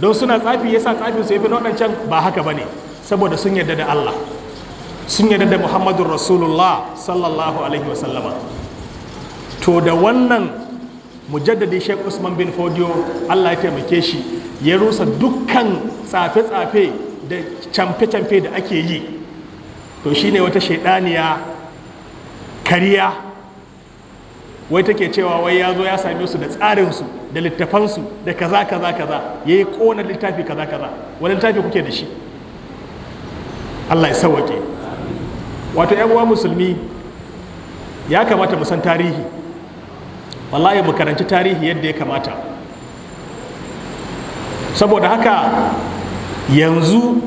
don suna tsafi ya sa tsafin su yafi na waɗancan ba haka ba ne saboda sun yarda da Allah sun yarda da Muhammadu Rasulullah sallallahu alaihi wasallama to da wannan mujaddadi Sheikh Usman bin Fodio Allah ya taimake shi ya rusa dukkan tsafe-tsafe da camfe-camfe da ake yi to shine wata shaidaniya kariya wai take cewa wai ya zo ya same su da tsarinsu da littafansu da kaza kaza kaza ya yi ƙona littafi kaza kaza wani littafi kuke da shi allah ya sauwaƙe wato yan uwa musulmi ya kamata mu san tarihi wallahi mu karanci tarihi yadda ya kamata saboda haka yanzu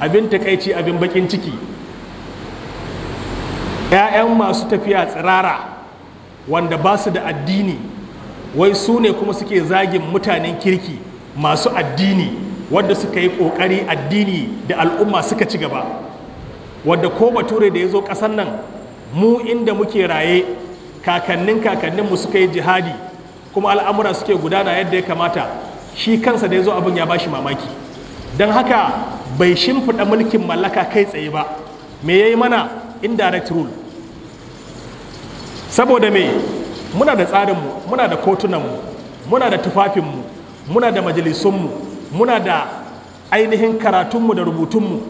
abin takaici abin bakin ciki 'ya'yan masu tafiya tsirara wanda ba su da addini wai su ne kuma suke zagin mutanen kirki masu addini wanda suka yi ƙoƙari addini da al'umma suka ci gaba Wanda ko bature da ya zo ƙasan nan mu inda muke raye kakannin kakannin mu suka yi jihadi kuma al'amura suke gudana yadda ya kamata shi kansa da ya zo abin ya bashi mamaki don haka bai shimfiɗa mulkin mallaka kai tsaye ba me ya yi mana indirect rule saboda me muna da tsarinmu muna da kotunanmu muna da tufafinmu muna da majalisunmu muna da ainihin karatunmu da rubutunmu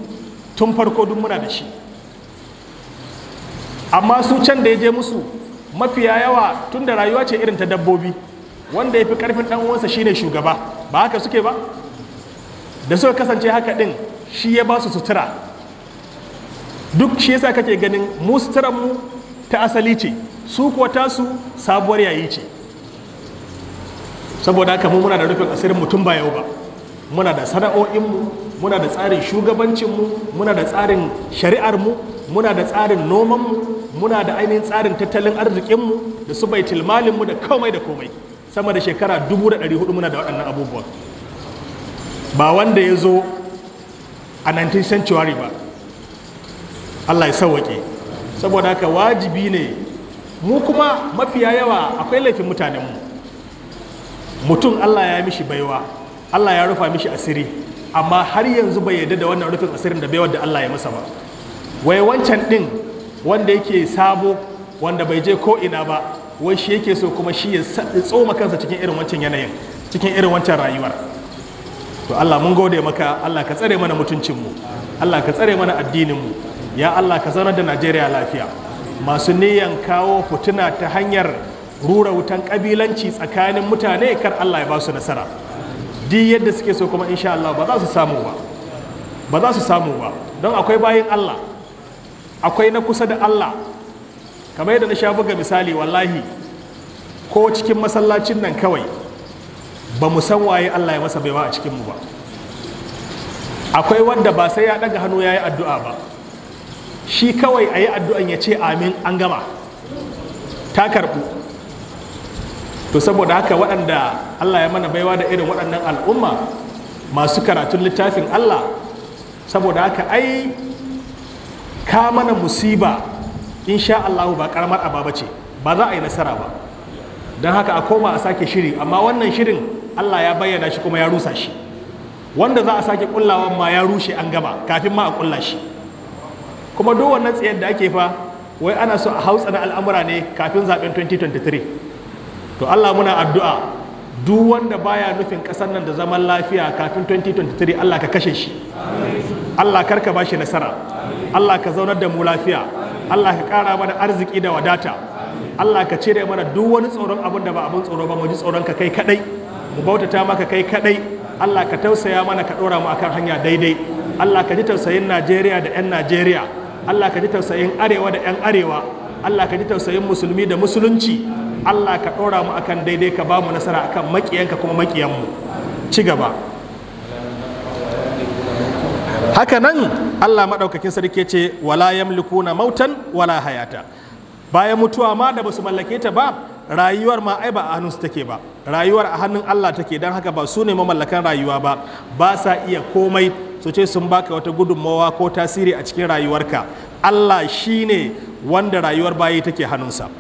tun farko duk muna da shi amma su can da ya je musu mafiya yawa tun da rayuwa ce irin ta dabbobi wanda ya fi karfin dan uwansa shine shugaba ba haka suke ba da suka kasance haka din shi ya ba su sutura duk shi yasa kake ganin mu suturan mu ta asali ce su kuwa tasu sabuwar yayi ce saboda haka mu muna da rufin asirin mutum ba yau ba muna da sana'o'inmu muna da tsarin shugabancinmu muna da tsarin shari'armu muna da tsarin nomanmu muna da ainihin tsarin tattalin arzikinmu da su baitul malinmu da komai da komai sama da shekara 1400 muna da waɗannan abubuwan ba wanda ya zo a 19th century ba Allah ya sauwaƙe saboda haka wajibi ne mu kuma mafiya yawa akwai laifin mu. mutum allah ya mishi baiwa allah ya rufa mishi asiri amma har yanzu bai yarda da wannan rufin asirin da baiwar da allah ya masa ba wai wancan ɗin wanda yake sabo wanda bai je ko ina ba wai shi yake so kuma shi ya tsoma kansa cikin irin wancan yanayin cikin irin wancan rayuwar to Allah mun gode maka Allah ka tsare mana mutuncinmu Allah ka tsare mana addininmu ya Allah ka zaunar da Najeriya lafiya masu niyan kawo fituna ta hanyar rura wutan kabilanci tsakanin mutane kar Allah ya ba su nasara Di yadda suke so kuma insha Allah ba za su samu ba ba za su samu ba don akwai bayin Allah akwai na kusa da Allah kamar yadda na sha buga misali wallahi ko cikin masallacin nan kawai ba mu san waye Allah ya masa baiwa a cikin mu ba akwai wanda ba sai ya daga hannu yayi addu'a ba shi kawai a yi addu'an ya ce amin an gama ta karɓu to saboda haka waɗanda allah ya mana baiwa da irin waɗannan al'umma masu karatun littafin allah saboda haka ai ka mana musiba sha allahu ba karamar ababa ce ba za a yi nasara ba don haka a koma a sake shiri amma wannan shirin allah ya bayyana shi kuma ya rusa shi wanda za a sake kullawan ma ya rushe an gama kafin ma a kulla shi kuma duk wannan tsayar da ake fa wai ana so a hausa na al'amura ne kafin zaben 2023 to Allah muna addu'a duk wanda baya nufin kasar nan da zaman lafiya kafin 2023 Allah ka kashe shi Allah karka shi nasara Allah ka zaunar da mu lafiya Allah ka kara mana arziki da wadata Allah ka cire mana duk wani tsoron abin da ba abin tsoro ba mu ji tsoron ka kai kadai mu bautata maka kai kadai Allah ka tausaya mana ka dora mu akan hanya daidai Allah ka ji tausayin Najeriya da 'yan Najeriya Allah ka ji tausayin arewa da 'yan arewa Allah ka ji tausayin musulmi da musulunci Allah ka ɗora mu akan daidai ka ba mu nasara akan makiyanka kuma mu ci gaba haka nan Allah maɗaukakin sarki ce wala yamlikuna mautan wala hayata bayan mutuwa ma da basu mallake ta ba rayuwar ma ai ba a hannunsu take ba rayuwar a hannun Allah take don haka ba su ne mamallakan rayuwa ba ba sa iya komai su ce sun baka wata gudunmawa ko tasiri a cikin rayuwarka Allah shi ne wanda rayuwar bayi take hannunsa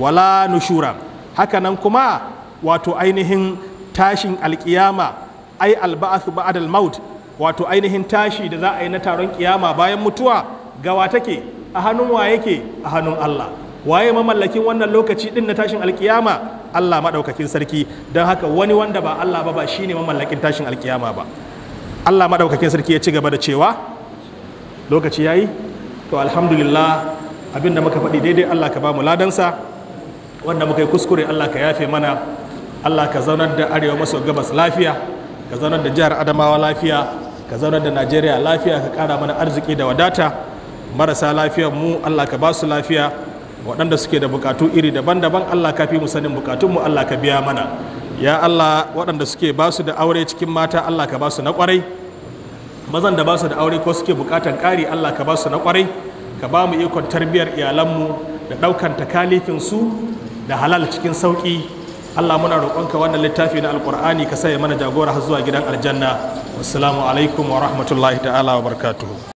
wala nushura haka nan kuma wato ainihin tashin alkiyama ai alba'athu ba'dal maut wato ainihin tashi da za a yi na taron kiyama bayan mutuwa gawa take a hannun wa yake a hannun Allah waye mamallakin wannan lokaci din na tashin alkiyama Allah maɗaukakin sarki don haka wani wanda ba Allah ba ba shine mamallakin tashin alkiyama ba Allah maɗaukakin sarki ya ci gaba da cewa lokaci yayi to alhamdulillah abinda muka faɗi daidai Allah ka ba mu ladansa wanda muka yi kuskure Allah ka yafe mana Allah ka zaunar da arewa maso gabas lafiya ka zaunar da jihar Adamawa lafiya ka zaunar da Najeriya lafiya ka ƙara mana arziki da wadata marasa lafiyar mu Allah ka basu lafiya waɗanda suke da bukatu iri daban-daban Allah ka fi mu sanin bukatunmu Allah ka biya mana ya Allah waɗanda suke ba su da aure cikin mata Allah ka ba su na ƙwarai mazan da ba su da aure ko suke bukatan ƙari Allah ka ba su na ƙwarai ka ba mu ikon tarbiyyar iyalanmu da ɗaukan takalifin su da halal cikin sauƙi Allah muna roƙonka wannan littafi na alƙur'ani ka saya mana jagora har zuwa gidan aljanna wassalamu alaikum wa rahmatullahi ta'ala wa barkatu.